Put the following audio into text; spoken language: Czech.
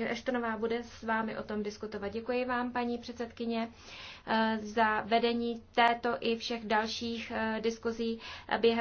Eštonová bude s vámi o tom diskutovat. Děkuji vám, paní předsedkyně, eh, za vedení této i všech dalších eh, diskuzí eh, během